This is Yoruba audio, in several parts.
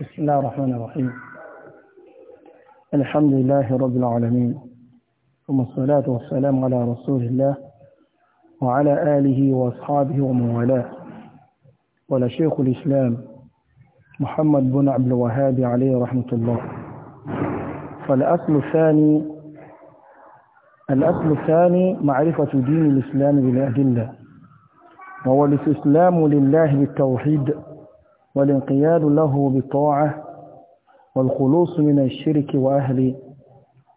بسم الله الرحمن الرحيم الحمد لله رب العالمين ثم الصلاة والسلام على رسول الله وعلى آله وأصحابه ومن والاه ولا شيخ الإسلام محمد بن عبد الوهاب عليه رحمة الله فالأصل الثاني الأصل الثاني معرفة دين الإسلام بالأدلة وهو الاستسلام لله بالتوحيد والانقياد له بالطاعة والخلوص من الشرك وأهله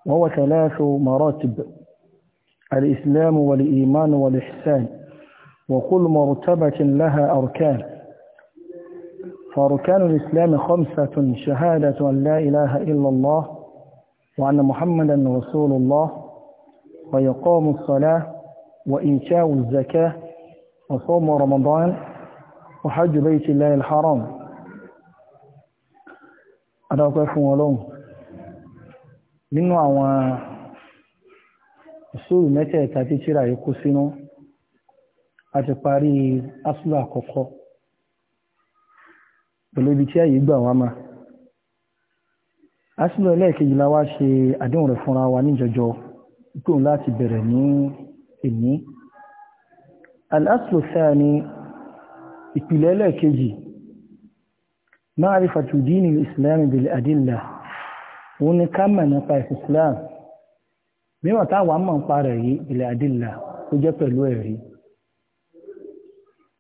وهو ثلاث مراتب الإسلام والإيمان والإحسان وكل مرتبة لها أركان فأركان الإسلام خمسة شهادة أن لا إله إلا الله وأن محمدا رسول الله ويقام الصلاة وإنشاء الزكاة وصوم رمضان وحج بيت الله الحرام adáwọ́pẹ́ fún ọlọ́run nínú àwọn ìṣòro mẹ́tẹ̀ẹ̀ta tí tírà yìí kó sínú a ti parí asúlù àkọ́kọ́ pẹ̀lú ibi tí àyè gbà wá máa asúlù ẹlẹ́ẹ̀kejì la wá ṣe àdéhùn rẹ̀ fúnra wa níjọjọ gbóhùn láti bẹ̀rẹ̀ ní ìní al-aslu thani ìpìlẹ̀ ẹlẹ́ẹ̀kejì ma'rifatu dini islam bil adilla òun ni ká mọ̀ nípa ẹ̀sìn islam mímọ̀ táwa mọ̀ ń parẹ̀ yìí bil adilla ó jẹ́ pẹ̀lú ẹ̀rí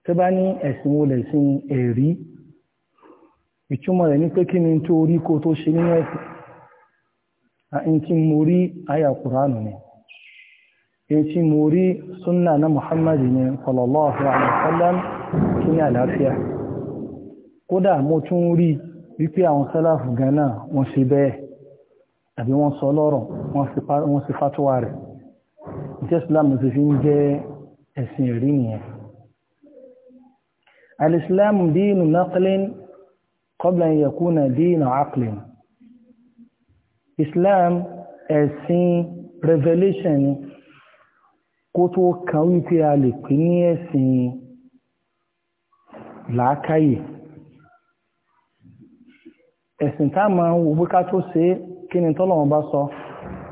tó bá ní ẹ̀sìn wo lẹ̀sìn ẹ̀rí ìtumọ̀ rẹ̀ ní pé kí ni tó orí kó tó ṣe nínú ẹ̀sìn àìntí mo rí àyà kùránù ni tí mo rí súnnà na muhammadu ni sallallahu alaihi wasallam kí ní àlàáfíà kódà mo tún rí wípé àwọn sálàfù gánà wọ́n ṣe bẹ́ẹ̀ àbí wọ́n sọ lọ́rọ̀ wọ́n sì fatuwa rẹ̀ ìjẹ́ islam ti fi ń jẹ́ ẹ̀sìn rí nìyẹn al dínú naqlin qabla an yakuna dínú aqlin islam ẹ̀sìn revelation kó tó kan wípé a lè pè ní ẹ̀sìn làákàyè ẹ̀sìn tá máa ń wò ká tó ṣe kí ni tọ́lọ̀wọ́n bá sọ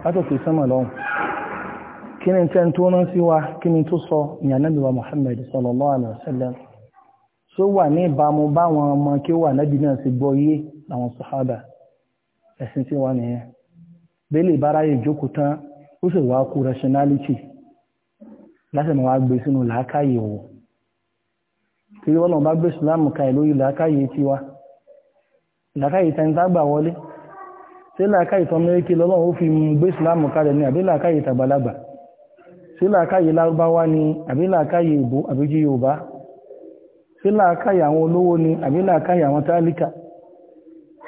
látòkè sánmà lọ́hùn kí ni tẹ́ tó rán sí wa kí ni tó sọ ní ànábì wa Muhammad sallallahu alaihi wasallam tó wà ní ìbámu báwọn ọmọ kí wà nábì náà sì gbọ́ yé àwọn sàhábà ẹ̀sìn tí wà nìyẹn bẹ́ẹ̀ lè bára yìí jókòó tán ó sì wá kú rationality lásìmọ̀ wá gbé sínú làákàyè wò tí wọ́n lọ bá gbé ìsìláàmù ka ìlú làákàyè tí wá làákàyè tẹnta gbà wọlé tí làákàyè tọmọríkì lọ́lọ́run ó fi gbé ìsìláàmù kalẹ̀ ní àbí làákàyè tàgbàlagbà tí làákàyè lárúbáwá ni àbí làákàyè ìbò àbíjú yorùbá tí làákàyè àwọn olówó ni àbí làákàyè àwọn tálíkà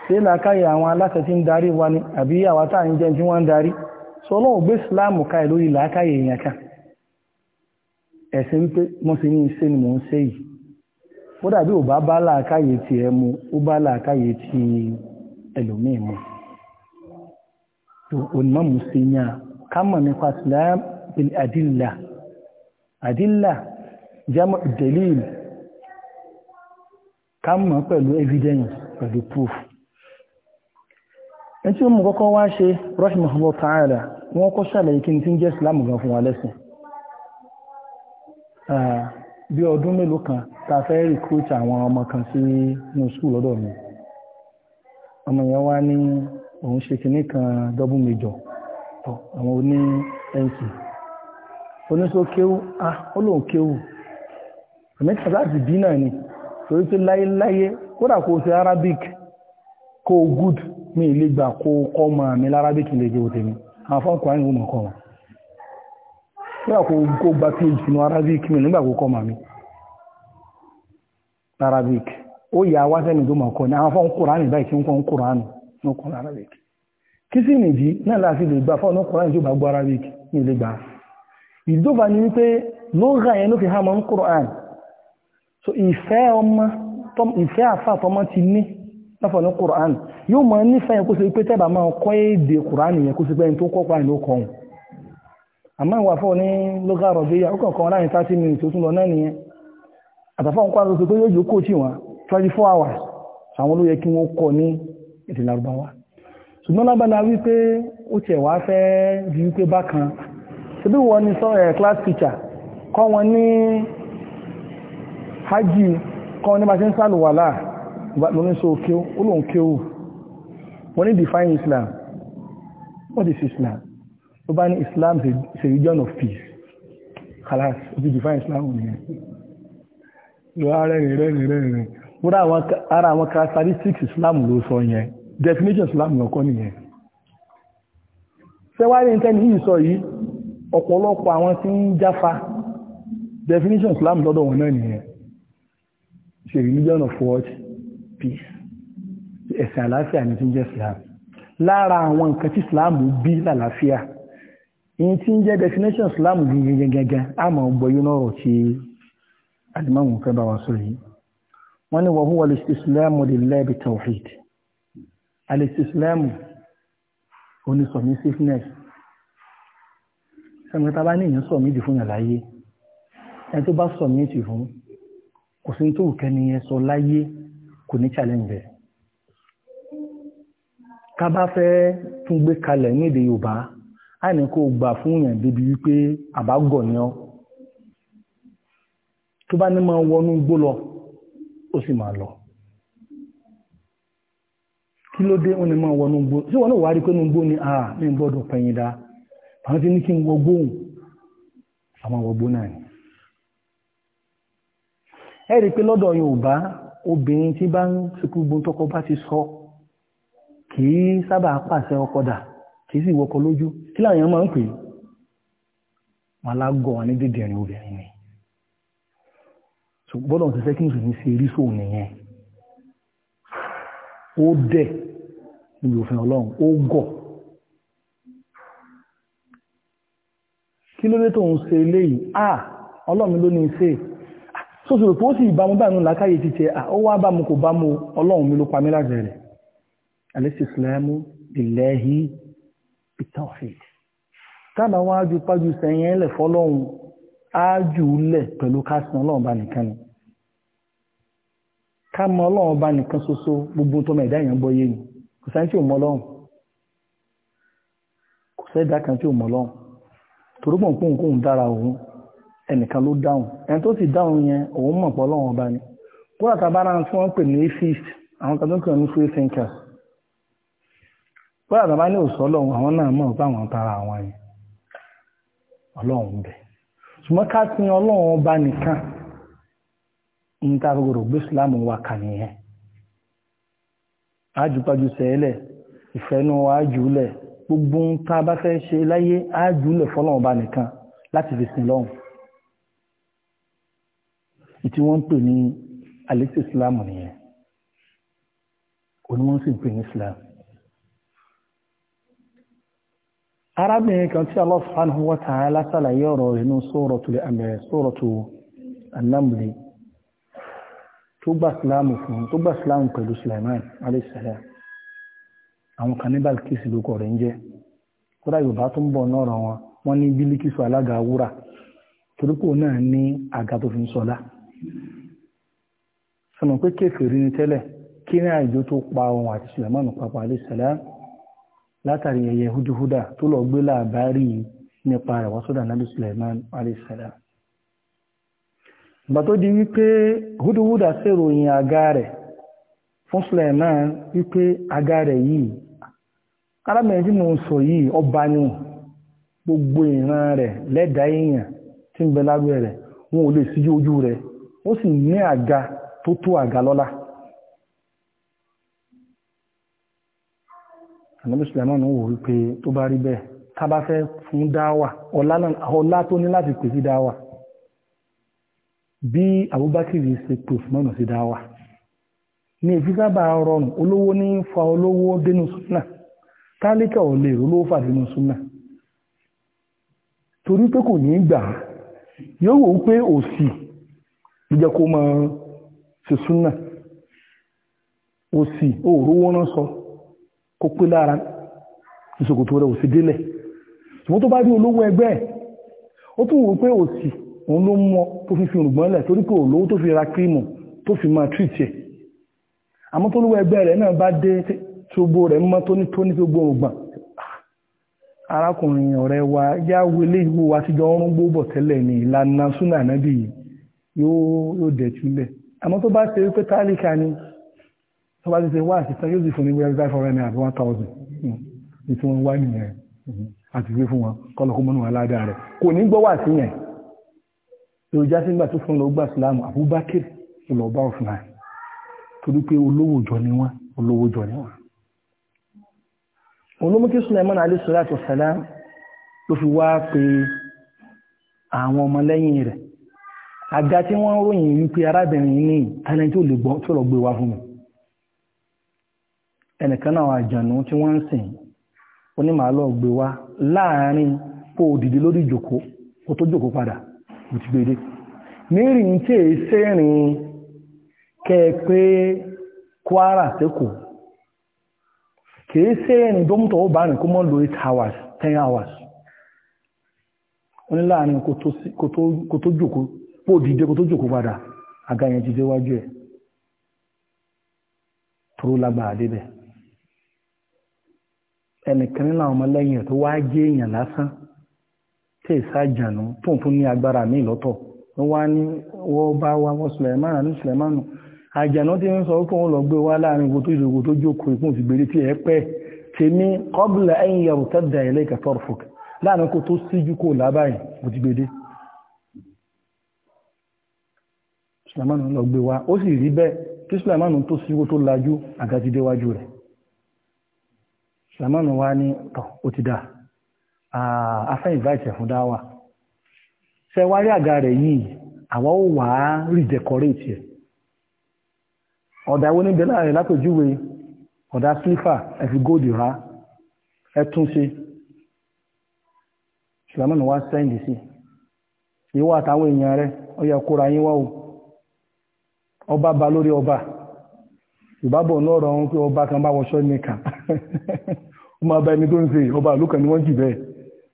tí làákàyè àwọn aláṣẹ tí ń darí wa ni àbí àwọn táà ń jẹ tí wọ́n ń darí sọlọ́run gbé ìsìláàmù ka ìlú làákàyè èèyàn kan ẹ̀sìn pé mo sì ní iṣẹ́ ni mò ń ṣe yìí ó dàbí ò bá bá làákàyè ti ẹ mu ó bá làákàyè ti ẹlòmíì mu onímọ̀ mùsùlùmí ká mọ̀ nípa islam bil adilla adilla jamu dalil ká mọ̀ pẹ̀lú evidence pẹ̀lú proof ẹni tí ó mú kọ́kọ́ wá ṣe rahimahullah ta'ala wọ́n kọ́ ṣàlàyé kí n ti ń jẹ́ islam gan fún wa lẹ́sìn bí ọdún mélòó kan tá a fẹ́ recruit àwọn ọmọ kan sí inú school lọ́dọ̀ mi ọmọ yẹn wá ní òun ṣe kinní kan double major tọ àwọn oní nc oníṣó kéwù ah ó lóun kéwù àmì kàdáàtì bí náà ni torí pé láyéláyé kódà kó o ṣe arabic kó good mi ì lè gbà kó o kọ́ ọmọ mi lárabic lè jẹ́ òtẹ̀mí àwọn afọ́nkọ́ àyìnbó mọ̀ kọ́ wọn fúra kò gba phd nínú arabic mi nígbà kó kọ́ màmí arabic ó yà wá sẹ́ni tó mọ̀ kọ́ ní àwọn fọ́n kúránì báyìí tí ń kọ́ ń kúránì ní kọ́ arabic kí sí nìdí náà láti lè gba fọ́n ní kúránì tó bá gbọ́ arabic ní ilé gbà ìdóba ni wípé lóga yẹn ló fi hàn mọ́ ń kúránì so ìfẹ́ ọmọ ìfẹ́ àfà tọmọ ti ní lọ́fọ̀ ní kúránì yóò mọ̀ nífẹ̀ẹ́ yẹn kó ṣe pé tẹ́bà máa kọ́ èdè kúránì yẹn kó ṣe pé ẹni tó kọ́ kúránì ló kọ́ àmọ́ ìwà fún ní lókà rọ̀bíyà ó kọ̀ọ̀kan láàrin 30 minutes ó tún lọ náà nìyẹn àtàfà ń pàdé tó yóò jókòó tí wọ́n 24 hours àwọn ló yẹ kí wọ́n kọ́ ní èdè ṣùgbọ́n lábàlá wípé ó tiẹ̀ wá fẹ́ rí wípé bákan ṣebí wọ́n ní sọ́rọ̀ eh, class teacher kọ́ wọn ní hajj kọ́ wọn ní bá ṣe ń sàlùwàlà mo wọ́n ní define Islam what is Islam tó bá ní Islam is a religion of peace kalas ó ti define Islam nìyẹn lọ rẹ́rìn rẹ́rìn rẹ́rìn wúrà ara àwọn characteristics Islam ló sọ yẹn definition Islam lọ́kọ́ nìyẹn sẹ́wárí tẹ́ni yìí sọ yìí ọ̀pọ̀lọpọ̀ àwọn tí ń jáfa definition Islam lọ́dọ̀ wọn náà nìyẹn ṣe religion of what peace ẹ̀sìn àlàáfíà ní tí ń jẹ́ Islam lára àwọn nǹkan tí Islam bí lálàáfíà èyí tí ń jẹ́ definition Islam gẹ́gẹ́gẹ́gẹ́ àmọ́ gbọ́yún náà rọ̀ tí alimamu fẹ́ bá wa sọ yìí wọ́n ní wa huwa al-istislamu bi tawhid al-istislamu oní submissiveness sẹ́mi tá a bá ní ìyẹn submit fún yàn láyé ẹni tó bá submit fún kò sí tó kẹ́ni yẹn sọ láyé kò ní challenge ẹ̀ ká bá fẹ́ tún gbé kalẹ̀ ní èdè Yorùbá àìní kó gbà fún èèyàn débi wípé àbágọ̀ ni ọ́ tó bá ní máa wọnú gbó lọ ó sì máa lọ kí ló dé wọ́n ní máa wọnú gbó sí wọ́n náà wá rí pé gbó ni àà ah, ní gbọ́dọ̀ pẹ̀yìn dá àwọn tí ní kí n wọ gbóhùn àwọn wọ gbó náà ni ẹ rí pé lọ́dọ̀ Yorùbá obìnrin tí bá ń sukú gbóntọ́kọ bá ti sọ kì í sábà pàṣẹ ọkọ dà kìí sì wọkọ̀ lójú kí láàyàn máa ń pè é wọn alágọ̀ wọn ní dídì ẹ̀rìn obìnrin ni gbọ́dọ̀ ṣiṣẹ́ kí mùsùlùmí ṣe rí sóun nìyẹn ó dẹ̀ níbi òfin ọlọ́run ó gọ̀ kí ló dé tó ń ṣe eléyìí à ọlọ́run ló ní ṣe sóṣùrù pé ó sì ìbámu bá nù lákàyè títẹ ó wá bámu kò bámu ọlọ́run mi ló pa mí láti rẹ̀ alẹ́ sì sùlẹ́mù ìlẹ́hìí bitawhid káàdà wọn ájú pájú sẹ́yìn ẹ̀lẹ̀ fọ́lọ́hun ájú lẹ̀ pẹ̀lú ọlọ́run nìkan ni ká nìkan ṣoṣo gbogbo tó mọ èèyàn bọ́ yé ni kò tí ò ọlọ́run kò kan tí ò òun dára òun ẹnìkan ló mọ̀ pọ̀ ọlọ́run ọba ni kó àtàbára tí wọ́n pè ní atheist àwọn kan tó ń ní free bóyá bàbá ní òsọ ọlọ́run àwọn náà mọ̀ pé àwọn tara àwọn yẹn ọlọ́run bẹ̀ ṣùgbọ́n ká sin ọlọ́run ọba nìkan ń ta gbogbo gbé ìsìlámù wa kà nìyẹn ájúpájú sẹ́ẹ̀lẹ̀ ìfẹ́nú ájúlẹ̀ gbogbo ń ta bá fẹ́ ṣe láyé ájúlẹ̀ fọlọ́run ọba nìkan láti fi sin lọ́run ìtí wọ́n ń pè ní alẹ́sì ìsìlámù nìyẹn onímọ̀ sì ń pè ní ìsìlámù arábìnrin kan tí Allah subhanahu wa ta'ala ṣàlàyé ọ̀rọ̀ rẹ̀ ní suratul Anbiya suratul An-Naml tó gbà sílámù fún tó gbà sílámù pẹ̀lú Sulaiman alayhi àwọn kan ní Balkis lókọ̀ rẹ̀ ń jẹ́ kódà Yorùbá tó ń bọ̀ náà rọ̀ wọn wọ́n ní Bílíkìsù alága wúrà torípò náà ní àga tó látàrí ẹ̀yẹ húdúhúdà tó lọ gbé láàbárì nípa rẹ̀ wá sọ́dọ̀ nábì Suleiman alayhisalam ìgbà tó di wípé húdúhúdà sèròyìn àga rẹ̀ fún Suleiman wípé àga rẹ̀ yìí arábìnrin tí mo ń sọ yìí ọba ni gbogbo ìran rẹ̀ lẹ́dàá èèyàn tí ń bẹ lábẹ́ rẹ̀ wọn ò lè síjú ojú rẹ̀ ó sì ní àga tó tó àga lọ́lá ànábì Sulaiman wò wípé tó bá rí bẹ́ẹ̀ tá bá fẹ́ fún dáwà ọlá tó ní láti pè sí dáwà bí Abubakar ṣe pè Usman sí dáwà ní ìfisábà rọrùn olówó ní fa olówó dénú súnà tálíkà ò lè rolówó fà dénú súnà torí pé kò ní gbà yóò wò pé òsì ìjẹ́ kó máa ṣe súnà òsì òòrówó náà sọ kò pé lára ìṣòkòtò rẹ̀ ò sí délẹ̀ ṣùgbọ́n tó bá rí olówó ẹgbẹ́ ẹ̀ ó tún wò pé òsì òun ló mọ́ tó fi fi lẹ̀ torí pé olówó tó fi ra kírímù tó fi máa ẹ̀ àmọ́ tó lówó ẹgbẹ́ rẹ̀ náà bá dé ṣogbo rẹ̀ mọ́ gbogbo arákùnrin ọ̀rẹ́ wa ìwò wa ọrún gbóbọ̀ tẹ́lẹ̀ tó bá ti ṣe wá àti tán yóò sì fún ní wíwá five hundred naira one thousand hmm. ní tí wọ́n wá nìyẹn àti hmm. gbé fún wọn kọ́lọ̀ kó mọ́nú aládàá rẹ̀ kò ní gbọ́ wà sí yẹn lórí jásí nígbà tó fún lọ gbà sílámù Abubakar lọ́ba ọ̀fìnà torí pé olówó jọ ni wọ́n olówó jọ ni wọ́n olómọ́kí Sulaiman alayhi salatu wassalam ló fi wá pé àwọn ọmọlẹ́yìn rẹ̀ àga tí wọ́n ròyìn wípé arábìnrin ní tálẹ́ntì ò lè gbọ́ tó lọ gbé wá fún mi ẹnìkan náà àjànú tí wọ́n ń sìn onímàálọ̀ gbé wá láàárín kó dìde lórí ìjòkó kó tó jòkó padà kò ti gbé dé ń tí pé Kwara sẹ́kù kìí sẹ́rìn dómítọ̀ ó bá rìn kó mọ́ lo hours hours kó tó jòkó kó dìde kó ẹnìkan nínú àwọn ọmọlẹ́yìn tó wá jẹ́ èèyàn lásán tí ìsájànú tó ń fún ní agbára míì lọ́tọ̀ ló wá ní wọ́n bá wá wọ́n sùlẹ̀mánù àní sùlẹ̀mánù àjànú tí ń sọ pé òun lọ gbé wá láàrin igbó tó ìdògbò tó jókòó ìpín òsì gbèrè tí ẹ pẹ́ tèmi kọ́bùlà ẹ̀yìn yàrá tẹ́dà ilé ìkàtọ́rọ̀fọ̀kì láàrin kó tó síjú kó lábáyìn mo ti gbèdé sùlẹ̀mánù lọ gbé wá ó sì rí bẹ́ẹ̀ kí sùlẹ̀mánù tó síwó tó lajú àgàtidéwájú rẹ̀ sàmánù wa ní tọ̀ ó ti dà afẹ́ invite ẹ̀ fún dáwà ṣe wá rí àga rẹ̀ yìí àwa ó wà á redecorate ẹ̀ ọ̀dà wo níbẹ̀ láàrin látòjúwe ọ̀dà sílífà ẹ góòdì rà ẹ tún ṣe sàmánù wa sẹ́ǹdì sí ìwọ àtàwọn èèyàn rẹ̀ ó yẹ kóra yín wá o ọba ba lórí ọba ìbábọ̀ náà rọrùn pé ọba kan bá wọṣọ́ nìkan máa bá ẹni tó ń ọba ìjọba ìlú kan ni wọ́n jì bẹ́ẹ̀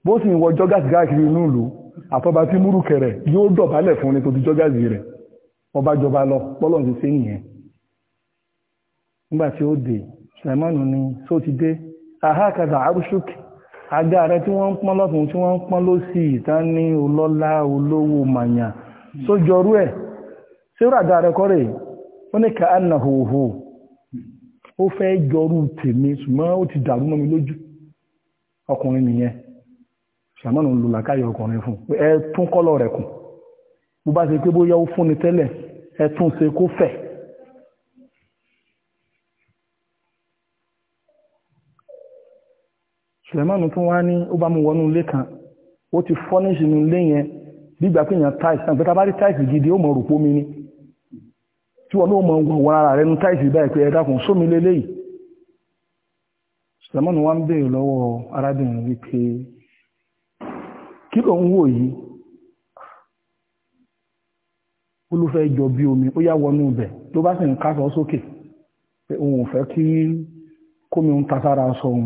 bó sì ń wọ jọ́gàsì káàkiri inú ìlú àtọ́ba tí múrùkẹ̀ rẹ̀ yóò dọ̀bálẹ̀ fún ni tó ti jọ́gàsì ọba jọba lọ pọ́lọ̀ ti se nìyẹn nígbà tí ó dé ni só ti dé aha arushuk aga rẹ tí wọ́n ń pọ́n tí wọ́n ń pọ́n ní olọ́lá olówó ó fẹ́ jọrú tèmi ṣùgbọ́n ó ti dàrú mọ́ mi lójú ọkùnrin nìyẹn ṣàmọ́nà ń lo làkàyè ọkùnrin fún ẹ tún kọ́lọ̀ rẹ̀ kùn bó bá ṣe pé bóyá ó fúnni tẹ́lẹ̀ ẹ tún ṣe kó fẹ̀. sùlẹ̀mánu tún wá ní ó bá mú wọnú ilé kan ó ti fọ́níṣì nínú ilé yẹn bí ìgbà pé èèyàn táìsì náà pé tá bá rí táìsì gidi ó mọ̀ rò pómi ni tí wọn náà mọ ọgbọ̀n wọn ara rẹ̀ ní táìsì báyìí pé ẹ̀dàkùn sómi lélẹ́yìí sùlẹ̀mọ́nù wá ń bèèrè lọ́wọ́ arábìnrin wípé kí ló ń wò yìí ó ló fẹ́ jọ bí omi ó yá wọnú ibẹ̀ ló bá sì ń kásọ sókè pé òun ò fẹ́ kí kómi ń ta sára sọ òun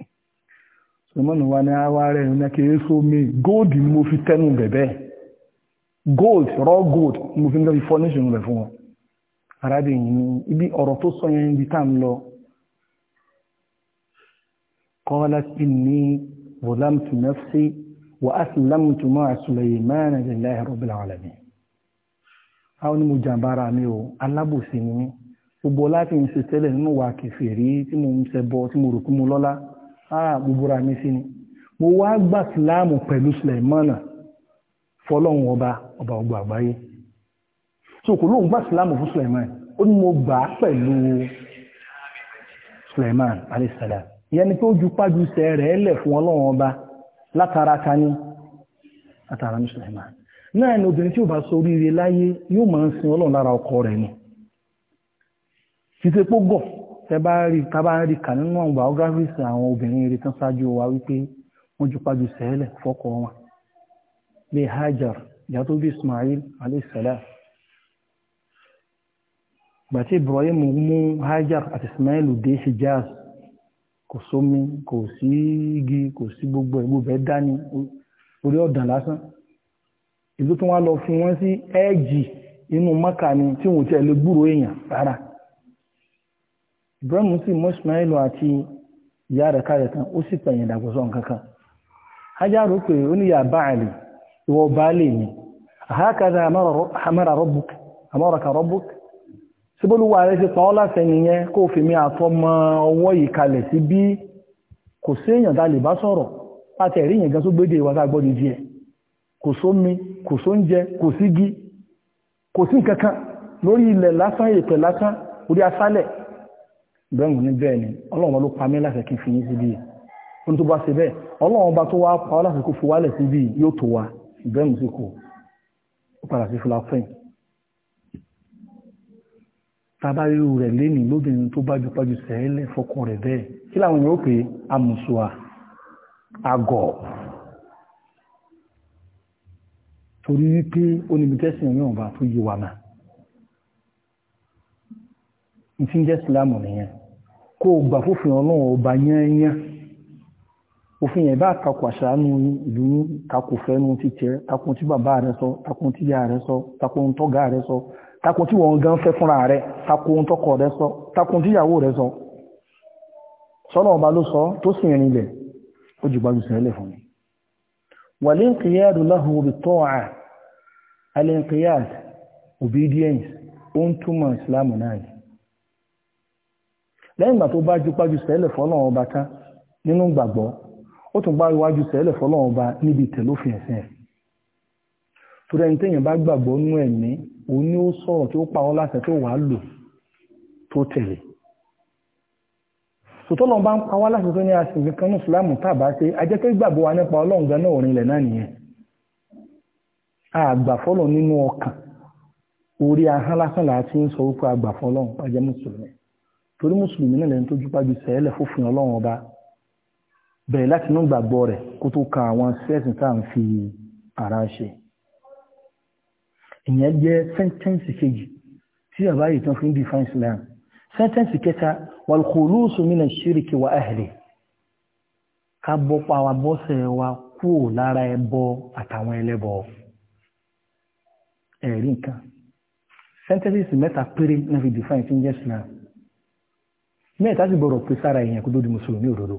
sùlẹ̀mọ́nù wá ní àwárẹ̀ ní kí èso mi góòdì ni mo fi tẹ́nu bẹ̀bẹ̀ gold raw gold mo fi ń gbé fọ́nẹ́ṣìn rẹ̀ fún wọn arábìnrin ní ibi ọ̀rọ̀ tó sọ yẹn ibi tá à ń lọ qalat inni zalamtu nafsi wa aslamtu ma'a Sulaymana lillahi rabbil alamin àwọn ni mo jàǹbá ara mi o alábòsí ni mí gbogbo láti ń ṣe tẹ́lẹ̀ nínú wa kẹfìrí tí mo ń ṣe bọ tí mo rò pé mo lọ́lá ah, gbogbo ra mi sí ni mo wá gbà síláàmù pẹ̀lú Sulaymana fọlọ́run ọba ọba ogun àgbáyé so kò lóun gbà sílámù fún Suleiman ó ní mo gbà á pẹ̀lú Suleiman alayisalaam ìyẹn ni pé ó ju pájú sẹ rẹ̀ lẹ̀ fún ọlọ́run ọba látara kání látara ní Suleiman náà ni obìnrin tí ò bá sórí ire láyé yóò máa ń sin ọlọ́run lára ọkọ rẹ̀ ni títí pó gọ̀ tẹ bá rí ká rí kà nínú àwọn biographies àwọn obìnrin ire tán ṣáájú wa wípé wọ́n ju pájú sẹ́ẹ̀lẹ̀ fọ́kọ wọn bí Hajar ìyá tó bí Ismail alayhisala gbàtí Ibrahim mú Hajar àti Ismail dé Hijaz kò sómi kò sí igi kò sí gbogbo ẹ̀ gbogbo ẹ̀ dání orí ọ̀dàn lásán ìlú tó wá lọ fún wọn sí ẹ́ẹ̀jì inú Mákà ni tí wọn ò tiẹ̀ lè gbúròó èèyàn rárá Ibrahim sì mú Ismail àti ìyá rẹ̀ káyọ̀ tán ó sì pẹ̀yìn ìdàgbọ́sọ̀ nǹkan kan Hajar rò pé ó ní yàrá báàlì ìwọ baálé mi àhákàdà àmàrà rọ́bùk àmọ́ràkà rọ́bùk síbólúwà rẹ̀ ti pa ọ́ láṣẹ nìyẹn kó fi mi àtọmọ ọwọ́ yìí kalẹ̀ sí bí kò sí èèyàn tá lè bá sọ̀rọ̀ láti ẹ̀rí yẹn gan tó gbédè ìwà tá gbọ́dọ̀ di ẹ̀ kò sómi kò sóúnjẹ kò sígi kò sí nǹkan kan lórí ọlọ́run tó bá ṣe bẹ́ẹ̀ ọlọ́run bá tó wá pa ọ́ fi wálẹ̀ síbí yóò tó wa Ibrahim sì kú ó padà sí fúláfẹ́yìn tabaríru rẹ̀ lénìí lóbìnrin tó bá jùpájù sẹ́ẹ̀lẹ̀ fọkàn rẹ̀ bẹ́ẹ̀ kí làwọn yóò pé amùsùà àgọ̀ torí wípé ó níbi tẹ́sìn yóò bá tó yé wa mà ní tí nìyẹn kó o gbà fófin ọlọ́run ọba yányán òfin yẹn bá kakò àṣàánú ìlú ní kakò fẹ́nu ti tẹ́ takun tí bàbá rẹ sọ takun tí ìyá rẹ sọ takun tọ́gá rẹ sọ takun tí wọ́n gan fẹ́ fúnra rẹ takun tọkọ rẹ sọ takun tí ìyàwó rẹ sọ sọ́nà ọba ló sọ tó sì rìn ilẹ̀ ó jù gbájú sí ẹlẹ́fọ̀n ni wàlẹ́ ìkìyàdù láhùn òbí tọ́ à alẹ́ ìkìyàdù obedience ó ń túmọ̀ ìsìlámù náà yìí lẹ́yìn ìgbà tó bá jù gbájú sí ẹlẹ́fọ̀n náà ọba ká nínú gbàgbọ́ ó tún iwaju iwájú tẹ́lẹ̀ fọ́lọ́run ba níbi ìtẹ̀lófin ẹ̀sìn ẹ̀ torí ẹni téèyàn bá gbàgbọ́ nú ẹ̀mí òun ni ó sọ̀rọ̀ tí ó pa ọ́ tó wàá lò tó tẹ̀lé sòtọ́lọ́n bá ń pa wá tó ní aṣèǹkan kan ní ìsìlámù tàbá ṣe ajẹ́kẹ́ ìgbàgbọ́ wa nípa bẹ̀rẹ̀ láti inú gbàgbọ́ rẹ̀ kó tó ka àwọn sẹ́ẹ̀sì tá à ń fi ara ṣe ìyẹn jẹ́ sẹ́ńtẹ́ǹsì kejì tí bàbá yìí tán fi ń define Islam sẹ́ńtẹ́ǹsì kẹta wàlúkòlóòsù mina ṣíríkì wa ahlihi ká bọ́ pa wa bọ́sẹ̀ wa kúrò lára ẹbọ àtàwọn ẹlẹ́bọ ẹ̀rí nǹkan sẹ́ńtẹ́ǹsì mẹ́ta péré náà fi define Islam mẹ́ta sì gbọ́dọ̀ pé sára èèyàn kó tó di mùsùlùmí òdodo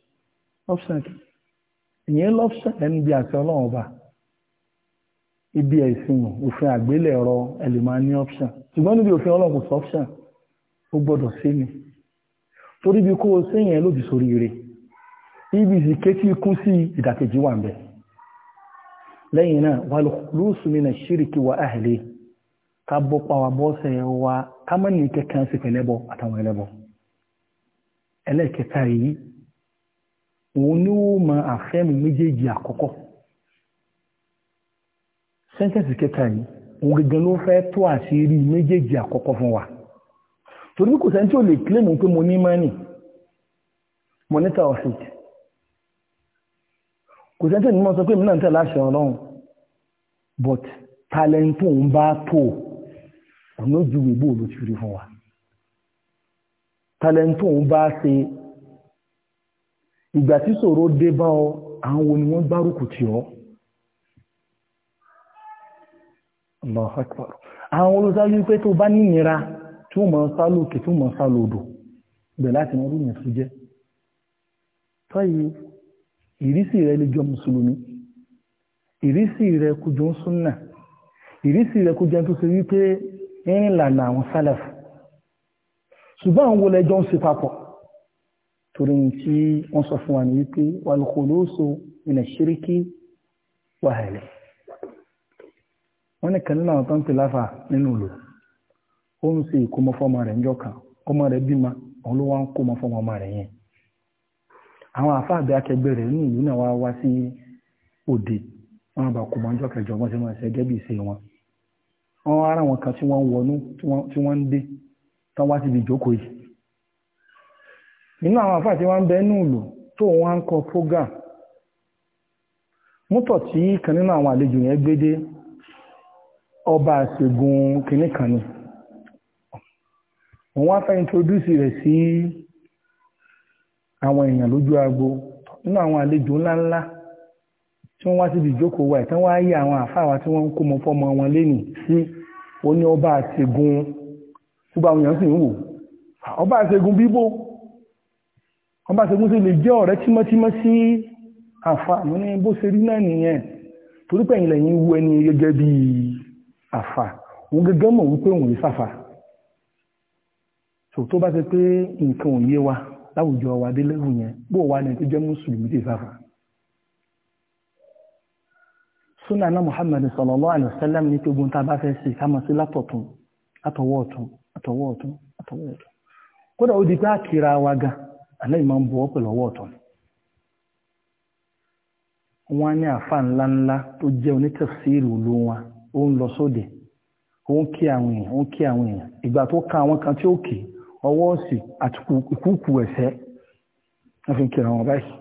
offside ìyẹn lọ́fṣẹ̀ ẹni bí àti ọlọ́run ọba ibi ẹ̀sìn òfin àgbélẹ̀ ẹ̀rọ ẹlẹ́mà ní option ṣùgbọ́n níbi òfin ọlọ́run kò sọ option ó gbọ́dọ̀ sí ni torí bí kó o sí yẹn lòdì sórí ire ibi ìsìnké tí kú sí ìdàkejì wà ń bẹ lẹ́yìn náà wà lóṣù mi náà ṣíríkì wà áhìlẹ́ ká bọ́ pàwà bọ́ọ̀sẹ̀ wa ká mọ́ ní kẹ́kẹ́ sí pẹ̀lẹ́bọ àtàwọn ẹlẹ́bọ ẹlẹ́kẹta yìí òun ni ó mọ àfẹ́mù méjèèjì àkọ́kọ́ sẹ́ńtẹ̀sì kẹta yìí òun gẹ́gẹ́ ló fẹ́ tó àṣírí méjèèjì àkọ́kọ́ fún wa torí kò sẹ́ńtì ò lè kílèmù pé mo ní mọ́nì mo ní tàwọ̀fìt kò sẹ́ńtì ní mo sọ pé mi náà ń tẹ̀lé àṣẹ ọlọ́run but talento ń bá tó ọ̀nà ojú ìgbò ló ti rí fún wa talento ń bá ṣe ìgbà tí ṣòro dé bá ọ àwọn wo ni wọ́n gbárùkù tì ọ́ àwọn olùsáyé pé tó bá nínira tí ó mọ̀ sálòkè tí ó mọ̀ sálòdò bẹ̀ láti wọ́n rúyìn tó jẹ́ tọ́yí ìrísí rẹ̀ lè jọ mùsùlùmí ìrísí rẹ̀ kò jọ ń súnnà ìrísí rẹ̀ kò jẹ́ tó ṣe wípé ń lànà àwọn sálàfù ṣùgbọ́n àwọn olẹ́jọ́ ń ṣe papọ̀ torí tí wọ́n sọ fún wa ní wípé wàlúkòlóso ìnà ṣíríkì wàhálẹ̀ wọ́n ní kan nínú àwọn tó ń pè láfà nínú ìlú ó ń ṣe ìkómọ fọmọ rẹ̀ ńjọ́ kan ọmọ rẹ̀ bímọ òun ló wá ń kómọ fọmọ ọmọ rẹ̀ yẹn àwọn àfáàbẹ akẹgbẹ́ rẹ̀ nínú ìlú náà wá wá sí òde wọn bá kómọ ọjọ́ kẹjọ wọn ṣe wọn ṣe gẹ́bí ìṣe wọn wọn ara wọn kan tí wọ́n wọnú tí wọ́n ń dé tán wá síbi ìjókòó yìí nínú àwọn àfáà tí wọ́n ń bẹ nínú ìlú tó wọ́n ń kọ program mútọ̀ tí kan nínú àwọn àlejò yẹn gbédé ọba àṣègùn kìnní kan ni wọ́n wá fẹ́ introduce rẹ̀ sí àwọn èèyàn lójú agbo nínú àwọn àlejò ńláńlá tí wọ́n wá síbi ìjókòó wa ìtàn wá yí àwọn àfáà wa tí wọ́n ń kó mọ fọ́mọ wọn lẹ́nu sí oní ọba àṣègùn gbogbo àwọn èèyàn sì ń wò ọba àṣègùn bíbó wọ́n bá ṣe gúnṣe lè jẹ́ ọ̀rẹ́ tímọ́tímọ́ sí àfà mú ní bó ṣe rí náà nìyẹn torí pẹ̀yìn lẹ́yìn wú ẹni gẹ́gẹ́ bí àfà òun gẹ́gẹ́ mọ̀ wípé òun tó bá ṣe pé nǹkan wa láwùjọ wa dé lẹ́wù yẹn bó wà ní tó mùsùlùmí ti sáfà súnà náà sallallahu alaihi bá fẹ́ sí ká anáyì máa ń buwọ́ pẹ̀lú ọwọ́ ọ̀tọ̀ wọn á ní àfa ńláńlá tó jẹ́ onítẹ̀síìrì òlu wọn ó ń lọ sóde ó ń kí àwọn èèyàn ó ń kí àwọn èèyàn ìgbà tó ka àwọn kan tí ó kì ọwọ́ òsì àti ìkúùkù ẹ̀sẹ̀ wọ́n fi ń kíra wọn báyìí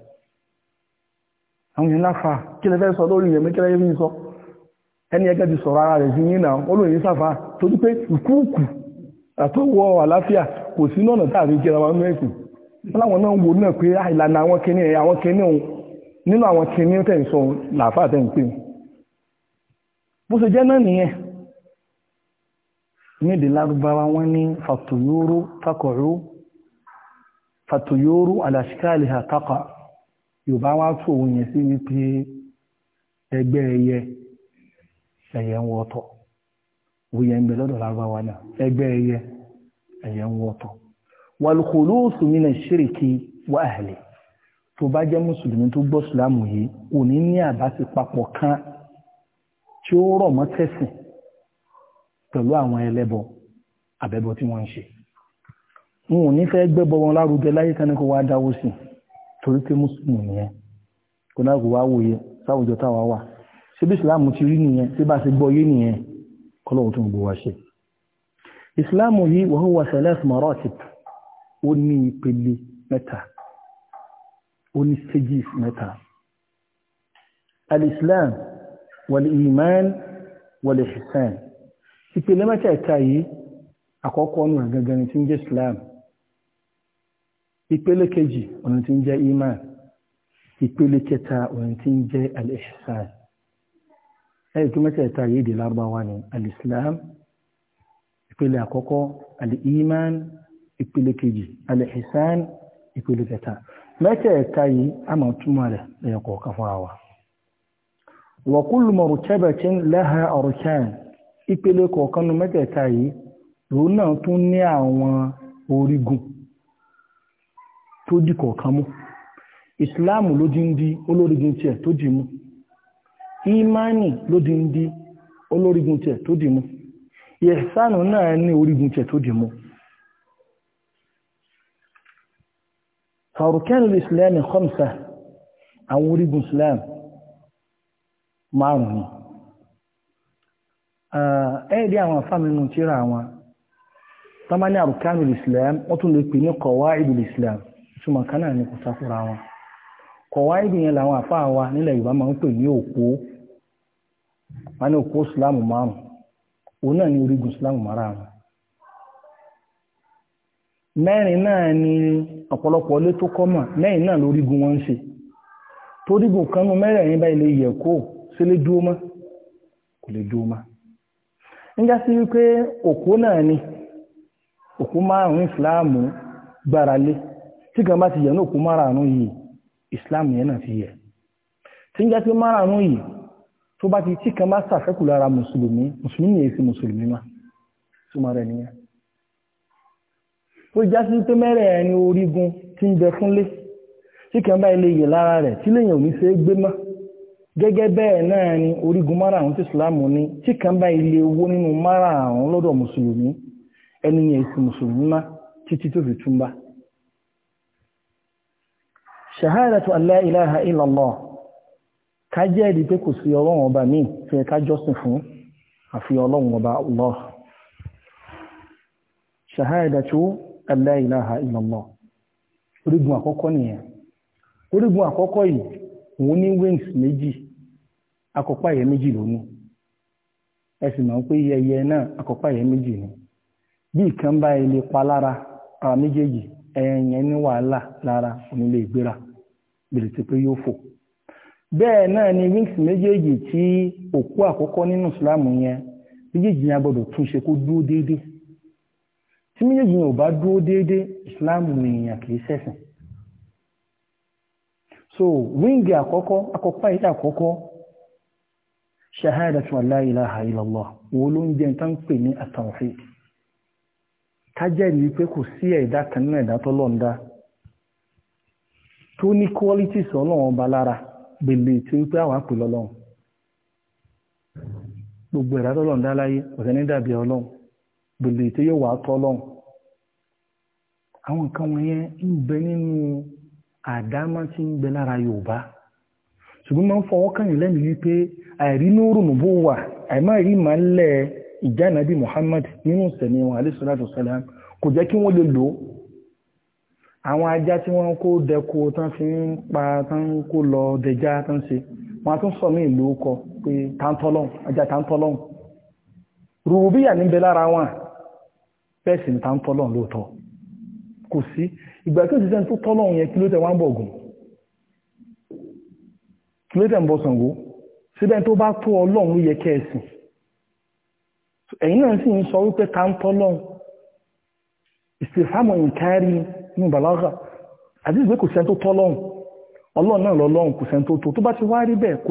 àwọn èèyàn láfa kí lè fẹ́ sọ lórí ìyẹn mi kí lè fi sọ ẹni ẹgẹ́ ti sọ̀rọ̀ ara rẹ̀ sí yín náà ó lóyìn sáfa torí pé ìkúùkù àtọwọ́ àláfíà kò sí lọ́nà táàrí kíra wọn mẹ́sìn láwọn náà wò náà pé ah, ìlànà àwọn kìíní àwọn kìíní òun nínú àwọn kìíní tẹ̀ ń sọ làáfà tẹ̀ ń pè bó ṣe jẹ́ náà nìyẹn lárúbáwá wọ́n ní fàtòyóró fàtòyóró yorùbá wá tó òun yẹn sí wípé ẹgbẹ́ ẹyẹ ẹyẹ ń wọ́tọ̀ ń bẹ lọ́dọ̀ lárúbáwá náà ẹgbẹ́ wàlùkòlóòsù nínú ṣíríkì wà áhìlẹ̀ tó bá jẹ́ mùsùlùmí tó gbọ́ sùlámù yìí kò ní ní àbáṣe papọ̀ kan tí ó rọ̀ mọ́ tẹ̀sìn pẹ̀lú àwọn ẹlẹ́bọ àbẹ́bọ tí wọ́n ń ṣe wọn ò ní fẹ́ gbẹ́bọ wọn lárugẹ láyé kan ní kó wá dáwó sí torí pé mùsùlùmí nìyẹn kò náà kò wá wòye sáwùjọ táwa wà ṣé bí sùlámù ti rí nìyẹn ṣé bá ṣe gbọ́ yé nìyẹn kọ́lọ́wọ́ tó ń gbowó wa ṣe ìsìlámù yìí wọ́n wà sẹ́lẹ̀ mọ́rọ́ọ̀tìpù ó ní ìpele mẹ́ta ó ní stages mẹ́ta al-islam wal-iman wal-ihsan ìpele mẹ́tẹ̀ẹ̀ta yìí àkọ́kọ́ ọ̀nà gangan tí ń jẹ́ islam ìpele kejì ọ̀nà tí ń jẹ́ iman ìpele kẹta ọ̀nà tí ń jẹ́ al-ihsan ẹ̀yìn tó mẹ́tẹ̀ẹ̀ta yìí di lárúbáwá ni al-islam ìpele àkọ́kọ́ al-iman ìpele kejì alẹ́hìsán ìpele kẹta mẹ́tẹ̀ẹ̀ta yìí a máa túmọ̀ rẹ̀ lẹ́yìn kọ̀ọ̀kan fúnra wa wa kullu martabatin laha ìpele kọ̀ọ̀kan nu mẹ́tẹ̀ẹ̀ta yìí lòun náà tún ní àwọn orígun tó dì kọ̀ọ̀kan mú ìsìláàmù ló dín dí olórígun tiẹ̀ tó dì mú ìmánì ló dín di olórígun tiẹ̀ tó di mú ìhsánù náà ní orígun tiẹ̀ tó di mú فاركان الإسلام خمسة أو ريب الإسلام márùn-ún ẹ̀ẹ́dí àwọn afáminú tíra àwọn tamani àrùkánù islam wọ́n tún lè pè ní kọ̀wáìdù islam ìtumọ̀ kan náà ní kò sáfúra wọn kọ̀wáìdù yẹn làwọn àfáà wa nílẹ̀ yorùbá máa ń pè ní òpó wọn ní òpó islam márùn-ún òun náà ní orígun islam márùn-ún mẹ́rin náà ni ọ̀pọ̀lọpọ̀ ilé tó kọ́mọ̀ mẹ́rin náà lórígun wọn ń ṣe torígun kanú mẹ́rẹ̀ẹ̀rin bá ilé yẹ̀ kó sí lè dúó mọ́ kò lè dúó mọ́ sí ni òkú márùn-ún ìsìláàmù gbára lé tí kan bá ti yẹ̀ ní òkú márùn-ún yìí ìsìláàmù yẹn náà ti yẹ̀ tí ń sí márùn-ún yìí tó bá ti tí kan bá ó já sí pé mẹ́rẹ̀ẹ̀rin orígun tí ń bẹ fúnlé tí kàn bá ilé yè lára rẹ̀ tí lèyàn ò ní ṣe é gbé mọ́ gẹ́gẹ́ bẹ́ẹ̀ náà ni orígun márààrún tí ìsìláàmù ní tí kàn bá ilé owó nínú márààrún lọ́dọ̀ mùsùlùmí ẹni yẹn sì mùsùlùmí má títí tó fi túmbá. ṣahadatu ká pé kò sí ọba míì jọ́sìn fún àfi ọlọ́run ọba la ilaha illallah orígun àkọ́kọ́ nìyà orígun àkọ́kọ́ yìí òun ní wings méjì akọ̀pá ẹ̀yẹ méjì ló ní ẹ sì mọ̀ pé ẹyẹ náà ẹ̀yẹ méjì ni bí ìkan bá ilé pa lára ara méjèèjì ẹyẹ yẹn ní wàhálà lára onílé ìgbéra bèrètè pé yóò fò bẹ́ẹ̀ náà ni wings méjèèjì tí òkú àkọ́kọ́ nínú yẹn méjèèjì yẹn gbọ́dọ̀ túnṣe kó dúró déédéé tí méjèèjì ò bá dúró déédé islam èèyàn kìí sẹ́sìn so wíńgì àkọ́kọ́ akọ̀pá ìṣẹ́ àkọ́kọ́ ṣahádàtù la ilaha illallah wo ló ń jẹ́ tán pè ní at-tawhid kájẹ́rìí pé kò sí ẹ̀dá kan nínú ẹ̀dá tó lọ́ndá tó ní qualities ọlọ́run ọba lára gbogbo ẹ̀dá tó láyé ọ̀sẹ̀ ní dàbí gbèlè tí yóò wà tọ́ lọ́hùn àwọn nǹkan wọ̀nyẹn ń bẹ nínú àdámá tí ń bẹ lára Yorùbá ṣùgbọ́n máa ń fọwọ́ kàn lẹ́nu wípé àìrí bó wà àìmá rí màá ń lẹ̀ ìjánabi Muhammad nínú sẹ̀mí wọn alẹ́sọ̀láṣọ sàlám kò jẹ́ kí wọ́n lè lò ó àwọn ajá tí wọ́n kó dẹko tán fi ń pa tán kó lọ dẹjá tán ṣe wọn tún sọ mí ìlú kọ pé táńtọ́lọ́hùn ajá táńtọ́lọ́hùn rùbíyà níbẹ̀ lára wọn bẹ́ẹ̀ ta ń tọ́lọ́run lóòótọ́ kò sí ìgbà tó ṣiṣẹ́ tó tọ́lọ́run yẹn kí ló tẹ̀ wá ń bọ̀ ògùn kí ló tẹ̀ ń bọ̀ Ṣàngó síbẹ̀ tó bá ta ń tọ́lọ́run ìsìfàmù ìkárí ní ìbàlágà àti ìgbé kò sẹ́ni tó ọlọ́run náà lọ́lọ́run kò tó tó tó bá ti wá rí bẹ́ẹ̀ kò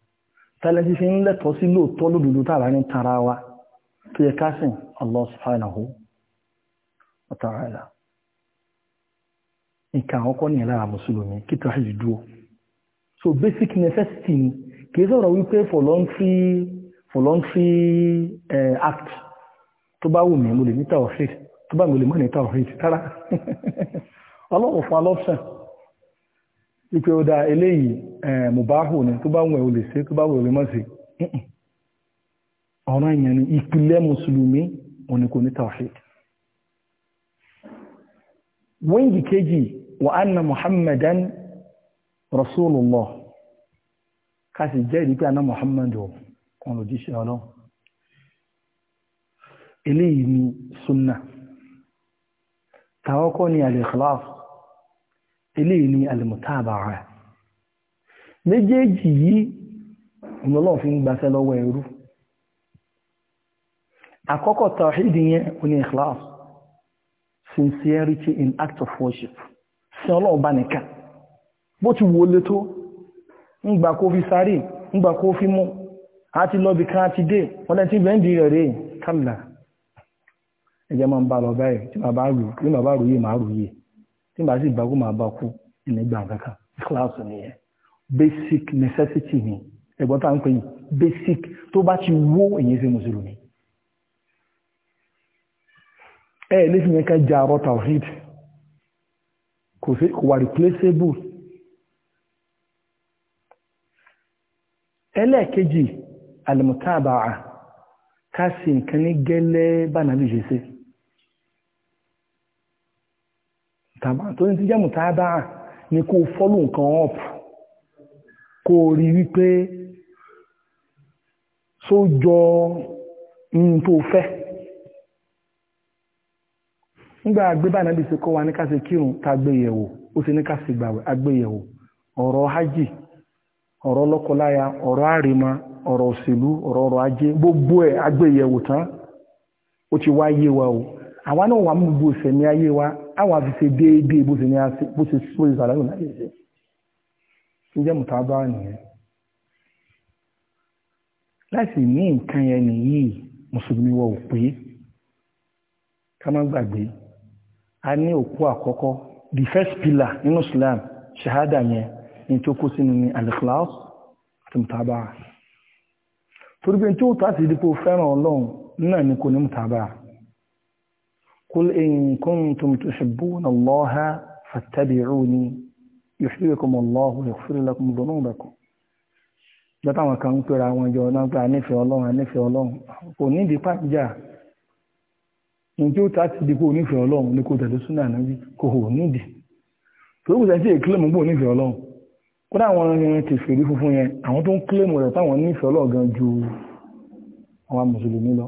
tẹ́lẹ̀ fífi ń lẹ́tọ̀ọ́ sí lóòtọ́ lódòdó tààrà ní tara wa tó yẹ kásìn Allah subhanahu wa ta'ala nǹkan àwọn kọ́ ní ẹ̀lára mùsùlùmí kí tó hajj dúró so basic necessity ni kìí sọ̀rọ̀ wípé voluntary voluntary eh, act tó bá wù mí mo lè ní tawhid tó bá mi lè mọ́ ní tawhid tara ọlọ́run fún alọ́pṣàn wípé ó dá eléyìí mùbáhù ni tó bá wù ẹ́ o lè ṣe tó bá wù ẹ́ o lè má ṣe ọ̀ràn èèyàn ni ìpìlẹ̀ mùsùlùmí òní kò ní tawhid wíńgì kejì wa anna muhammadan rasulullah ká sì jẹ́rìí pé anna muhammadu kan lòdì sí eléyìí ni sunna tàwọ́kọ́ ni al-ikhlas eléyìí ni alìmùtáàbàrà méjèèjì yìí ìmọ̀lọ́n fi ń gbaṣẹ́ lọ́wọ́ ẹrú àkọ́kọ́ tàwídì yẹn ikhlas sincerity in act of worship nìkan bó ti wọlé tó ń gbà fi sáré ń gbà kó fi mú àti lọ́bì kan àti dé ọ̀lẹ́ tí bẹ́ẹ̀ ń di rẹ̀ kálà ẹjẹ́ máa ń bá lọ báyìí tí màá bá rú màá rú tí bá sì bá kó máa bá kú ẹni gbà kankan nìyẹn basic necessity ni ẹ̀gbọ́n tá à ń pè yín basic tó bá ti wó èyí ṣe mùsùlùmí ẹ ẹ lẹ́sìn yẹn ká ja ọ̀rọ̀ tawhid kò wà replaceable ẹlẹ́ẹ̀kejì alimutaba ká sì nǹkan ní gẹ́lẹ́ bá nàbí ṣe ṣe. tàbá tó ní tí jẹ́ mùtábà ni kó fọ́lù nǹkan up kó rí wípé só jọ ohun tó fẹ́ nígbà agbébà náà bí kọ́ wa ní ká ṣe kírun ó sì ní gbàwẹ̀ agbéyẹ̀wò ọ̀rọ̀ hajj ọ̀rọ̀ ọ̀rọ̀ ọ̀rọ̀ ọ̀rọ̀ ọ̀rọ̀ ajé gbogbo ẹ̀ agbéyẹ̀wò tán ó ti wa o àwa náà wà mú gbogbo wa àwọn àfisẹ́ déédéé bó ṣe ní àṣẹ bó ṣe sọ ìṣẹ́ àlàyé náà yẹn ṣe ń jẹ́ mùtábà nìyẹn láti ní nǹkan yẹn nìyí mùsùlùmí wọ òpè ká má gbàgbé a ní òkú àkọ́kọ́ the first pillar nínú Islam shahada yẹn ní tó kó sínú ní al-ikhlas àti mùtábà torí pé tí ó tàbí dípò fẹ́ràn ọlọ́run náà ni kò ní mùtábà قل إن كنتم تحبون الله فاتبعوني يحببكم الله ويغفر لكم ذنوبكم lọ́tà àwọn kan ń pera àwọn ìjọ náà pé anífẹ̀ẹ́ ọlọ́run anífẹ̀ẹ́ ọlọ́run kò ní ìdí pàjáà ní tí ó ta ti di pé onífẹ̀ẹ́ ọlọ́run ní kò tẹ̀lé súnà níbi kò hò nídìí tó kù sẹ́ńtì èkílẹ̀mù pé onífẹ̀ẹ́ ọlọ́run kó dáwọn ẹran ti fèrè funfun yẹn àwọn tó ń kílẹ̀mù rẹ̀ táwọn onífẹ̀ẹ́ ọlọ́run gan ju àwọn mùsùlùmí lọ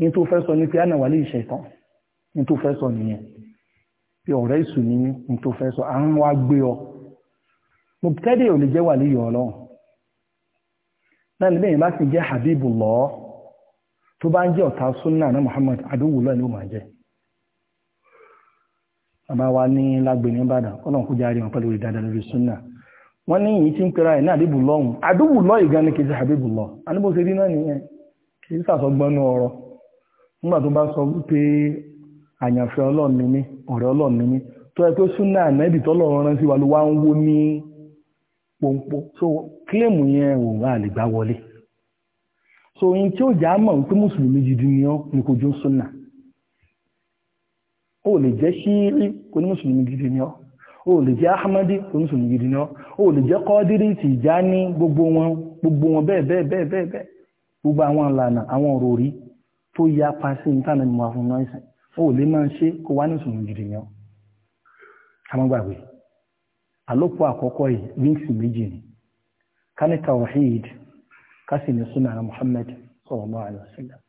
ní tó fẹ́ sọ ní pé àná wà lè ṣe tán ní tó fẹ́ sọ nìyẹn pé ọ̀rẹ́ ìsù ní ní tó fẹ́ sọ gbé ọ mo tẹ́lẹ̀ ò lè jẹ́ wà lè yọ ọlọ́run náà níbẹ̀ yìí bá sì jẹ́ tó bá ń Muhammad adúgbò lọ́ọ̀ ni ó máa jẹ́ bàbá wa ní ní Ìbàdàn ọlọ́run kó wọn pẹ̀lú lórí súnà wọ́n ní tí ń pera ẹ̀ lọ́ọ̀ nígbà tó bá sọ wípé àyànfẹ́ ọlọ́run ni mí ọ̀rẹ́ ọlọ́run ni mí tó yẹ pé súnà ànábì tọ́lọ́run rán sí wa ló wá ń wó ní pompo so kílèmù yẹn ò wá lè gbá wọlé so yín tí ó jà á mọ̀ mùsùlùmí gidi ni ọ́ ní kò jó súnà ó lè jẹ́ ṣíírí kò ní mùsùlùmí gidi ni ọ́ ó lè jẹ́ ahmadi kò ní mùsùlùmí gidi ni ọ́ ó lè jẹ́ kọ́dírí tìjání gbogbo wọn gbogbo wọn bẹ́ẹ̀ bẹ́ẹ̀ bẹ́ẹ̀ bẹ́ẹ̀ gbogbo àwọn ìlànà àwọn òròrí tó yá pa sí ìtànà ìmọ̀ àfún le ìsìn ó lè máa ṣe kó wá ní ìsìnkú gidi yàn kamagbàgbé àlòpọ̀ àkọ́kọ́ yìí wíńsì méjì ni ká ní Muhammad sallallahu alaihi wasallam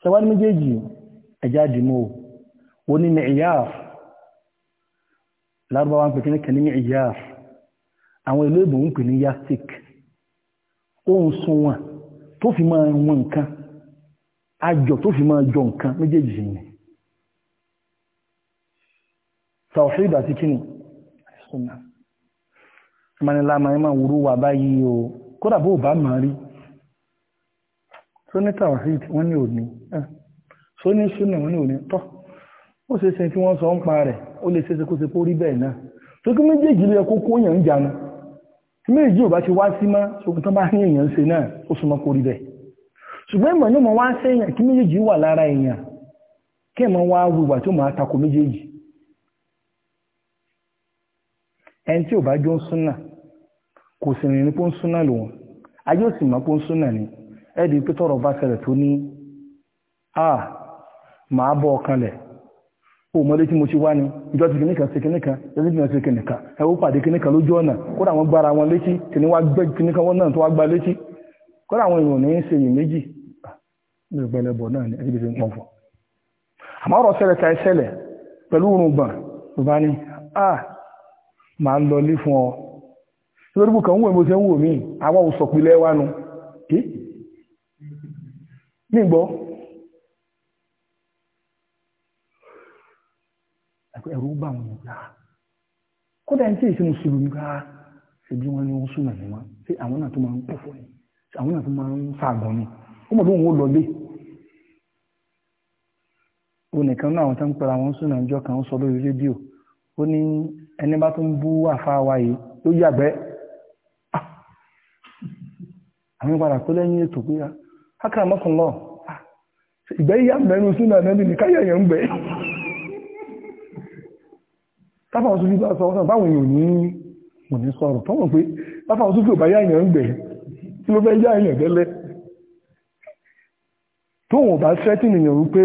ṣẹwàá méjèèjì ẹjá dìmọ́ ó ní mi'yar ń àwọn ilé ìbò ń pè ní yastik ó ń sunwọ̀n tó fi máa wọn àjọ tó fi máa jọ nǹkan méjèèjì ni tawhid àti kíni sunna manila ma ma wuru wa báyìí o kódà bó bá máa rí sóní tawhid wọ́n ní òní sóní sunna wọ́n ní òní tọ́ ó ṣe ṣe tí wọ́n sọ ń pa rẹ̀ ó lè ṣe ṣe kó ṣe kó rí bẹ́ẹ̀ náà tó kí méjèèjì lè kó kó yàn ń janu tí méjèèjì ò bá ti wá sí mọ́ ṣokùn bá ní èèyàn ṣe náà ó súnmọ́ kó rí bẹ́ẹ̀ ṣùgbọ́n ìmọ̀ ní mọ̀ wá sẹ́yìn kí méjèèjì wà lára èèyàn kí mọ̀ wá wùwà tó máa tako méjèèjì ẹni tí ò bá jó ń súnà kò sì rìn ní pó súnà lòun ayé ò sì máa pó súnà ni ẹ̀dì pé tọrọ bá ṣẹlẹ̀ tó ní ma máa bọ́ ọkàn lẹ̀ ó mọ́lé tí mo ti wá ni ìjọ ti kìnnìkan sí kìnnìkan ìjọ ti kìnnìkan sí kìnnìkan ẹ̀wọ́ pàdé kìnnìkan lójú ọ̀nà wọ́n gbára wọn létí kìnnìkan wọn náà tó ní ìgbẹ́lẹ́bọ̀ náà ní ẹgbẹ́ ìpín pọ̀fọ̀ àmọ́ ọ̀rọ̀ ṣẹlẹ̀ ta ẹṣẹlẹ̀ pẹ̀lú òrùngbọ̀n tó bá ní à máa ń lọlé fún ọ lórí bùkàn wọ́n mo ṣe ń wò mí àwọn òsọ̀pìlẹ̀ wa nu ní ìgbọ́ ẹ̀rù bá wọn nígbà kódà ní tí èsì mùsùlùmí ká ṣe bí wọ́n ní wọ́n súnmọ̀ ní wọn ṣé àwọn náà tó máa ń pọ̀fọ̀ ni àwọn náà tó máa ń sàgbọ̀n ni ó mọ̀ tó ń wọ́n onìkan náà àwọn tó ń pera wọn súnà ìjọ kan ń sọ lórí rédíò ó ní ẹni bá tó ń bú àfa wa yìí ló yàgbẹ́ ah! àwọn padà tó lẹ́yìn ètò pé hákàrà mọ́kàn lọ ìgbẹ́ yíyá mẹ́rin súnà nẹ́bí ní káyọ̀ yẹn ń gbẹ́ táfàwọn sófin bá sọ ọ́sàn báwọn èèyàn ní mò ní sọ̀rọ̀ tọ́wọ̀n pé táfàwọn sófin ò bá yáyàn ń gbẹ́ tí ló fẹ́ yáyàn tẹ́lẹ̀ tóun ò bá threatening èèyàn wípé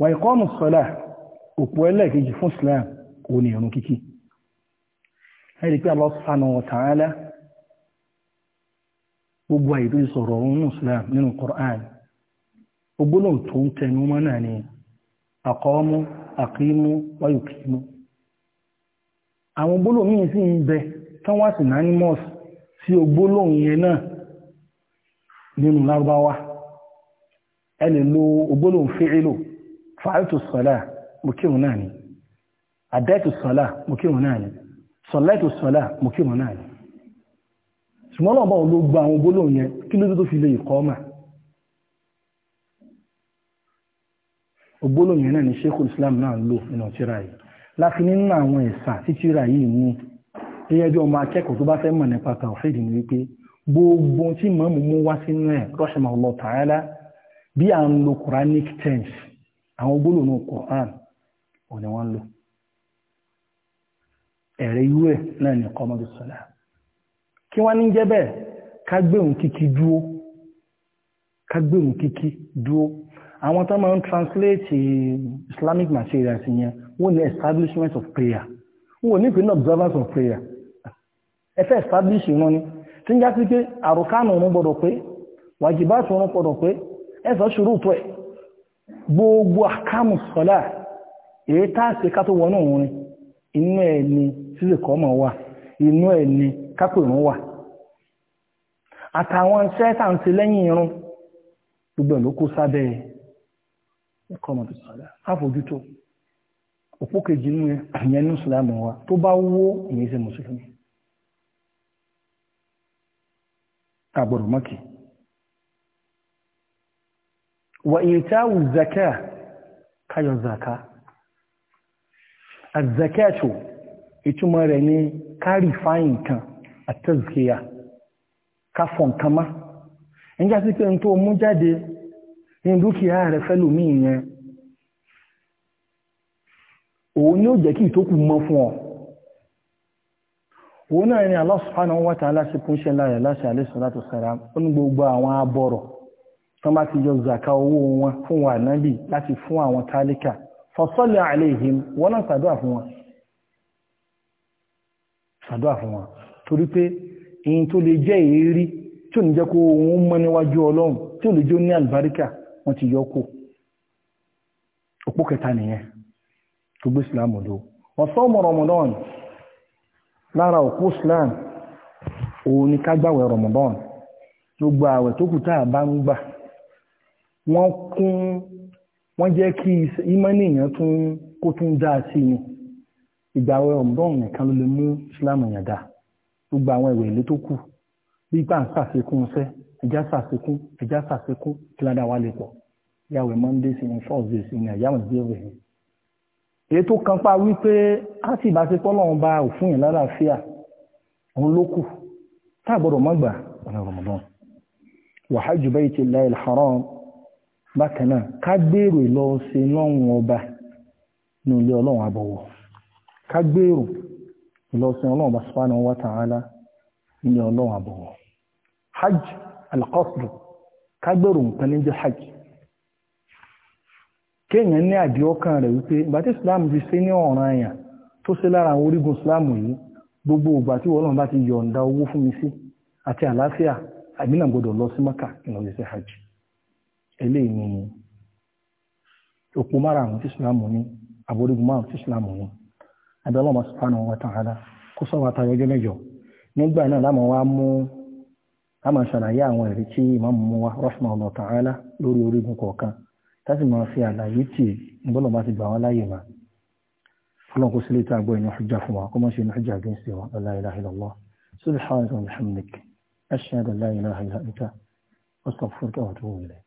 wà ìkọ́mù sọ́lá òpó ẹlẹ́ẹ̀kejì fún islam kò ní ìrun kíkí ẹ̀rí pé Allah subhanahu wa ta'ala gbogbo àyè tó ti sọ̀rọ̀ ọ̀run nínú islam nínú Qur'an gbogbo náà tó ń tẹnu mọ́ náà ni àkọ́mú àkímú wáyùkímú àwọn gbólóhùn sí ń bẹ tán wá sí nanimọ́s yẹn náà nínú lárúbáwá ẹ lo ogbólóhùn fíìlò fa'altu sọ́lá mukirun náà ni adaitu sọ́lá mukirun náà ni sọ́láìtù sọ́lá mukirun náà ni ṣùgbọ́n ọba ló gba àwọn gbólóhùn yẹn kí ló tó fi lè kọ́ mà ògbólóhùn yẹn náà ni Sheikhul Islam náà lò nínú tíra yìí láti nínú àwọn ẹ̀sà tí tíra yìí ní gẹ́gẹ́ bí ọmọ akẹ́kọ̀ọ́ tó bá fẹ́ mọ̀ nípa tàwọ́fẹ́dì ni wípé gbogbo tí mọ̀mú mú wá sínú ẹ̀ rahimahullah ta'ala bí à ń lo Quranic tense àwọn gbólóhùn Quran ò ní wọ́n lò ẹ̀rẹ̀ irú ẹ̀ náà ní kọ́mọ́dé sọ́lá kí wọ́n ní jẹ́ bẹ́ẹ̀ ká gbéhùn kíkí dúó ká kíkí dúó àwọn tó máa ń translate Islamic materials yẹn wọ́n ní establishment of prayer wọ́n ní ìpínlẹ̀ observance of prayer ẹ fẹ́ establish wọn ni tí ń já sí pé àrùkánù òun gbọ́dọ̀ pé wàjibáàtì òun gbọ́dọ̀ pé ẹ̀sọ́ ṣùrù tó ẹ̀ gbogbo akamu sọ́lá èyí táàsì ka tó wọnú òun inú ẹ̀ ni sísèkọ́ ọmọ wà inú ẹ̀ ni wà àtàwọn ń irun gbogbo ẹ̀ kó sábẹ́ ẹ̀kọ́ sọ́lá àfojútó òpó kejì nínú ìyẹn ní ìsìlámù wa tó bá wa ìtawù zaka káyọ zaka àzakẹ́tù ìtumọ̀ rẹ̀ ní kárì fáyìn kan àtẹ́zìkíyà káfọ̀ nǹkan má ń já sí pé n tó mú jáde ní dúkìá rẹ̀ fẹ́lòmí ìyẹn òun ni ó jẹ́ kí ìtókù mọ́ fún ọ òun náà ni Allah subhanahu wa aláṣẹ́kúnṣẹ́ láyẹ̀ láṣẹ́ alayhi salatu ó ní gbogbo àwọn abọ́rọ̀ tán bá ti yọ zàkà owó wọn fún wọn ànábì láti fún àwọn tálíkà fọ́sọ́lẹ̀ àlẹ́yìn wọ́n náà ṣàdúà fún wọn ṣàdúà fún wọn torí pé èyí tó lè jẹ́ èérí tí ò ní jẹ́ kó òun mọ́ níwájú ọlọ́run tí ò lè jó gbogbo àwẹ̀ tó kù tá bá ń gbà wọ́n kún wọ́n jẹ́ kí ìmánì tún kó tún dá sí ni ìgbà àwọn ọ̀dọ́ nìkan ló lè mú islam yàn dá gbogbo àwọn ìwé ìlú tó kù bí gbà ń ṣàfikún ṣẹ́ ẹja ṣàfikún ẹja ṣàfikún kí ládà wà lè pọ̀ yàwé monday sí ni thursday sí ni àyàwó ìdí ẹ̀wẹ̀ yẹn. èyí tó kan pa wípé a sì bá ṣe pọ́lọ́run bá òfin yẹn lálàáfíà òun ló kù tá a gbọ́dọ̀ mọ́ ọ̀nà rọ̀mọ̀dán wàhájú bayti llahi al-haram bákan náà ká gbèrò lọ ṣe lọ́hùn ọba ní ilé ọlọ́run àbọ̀wọ̀ ká gbèrò lọ ṣe ọlọ́run ọba subhanahu wa ta'ala ní ọlọ́run àbọ̀wọ̀ hajj alqasdu ká gbèrò hajj kéèyàn ní àdíọ́kàn rẹ̀ wípé ìgbà islam fi ṣe ní ọ̀ràn àyàn tó ṣe lára àwọn orígun islam gbogbo ìgbà tí wọ́n bá ti yọ̀ǹda owó fún mi sí àti àlàáfíà lọ maka ìlọ́lẹ́sẹ̀ hajj eléyìí ni òpó márààrún tí islam ní àbórígun márààrún tí islam ní abẹ́ ọlọ́mọ subhanahu wa ta'ala kó sọ́wọ́ atayọ ọjọ́ mẹ́jọ nígbà náà lámà wá mú lámà ṣàlàyé àwọn ẹ̀rí tí ìmáàmù mú wa rahmanahu ta'ala lórí orígun kọ̀ọ̀kan láti máa fi àlàyé tì nígbọ́lọ̀ bá ti gbà wọ́n láyè mà ọlọ́run kó sílé a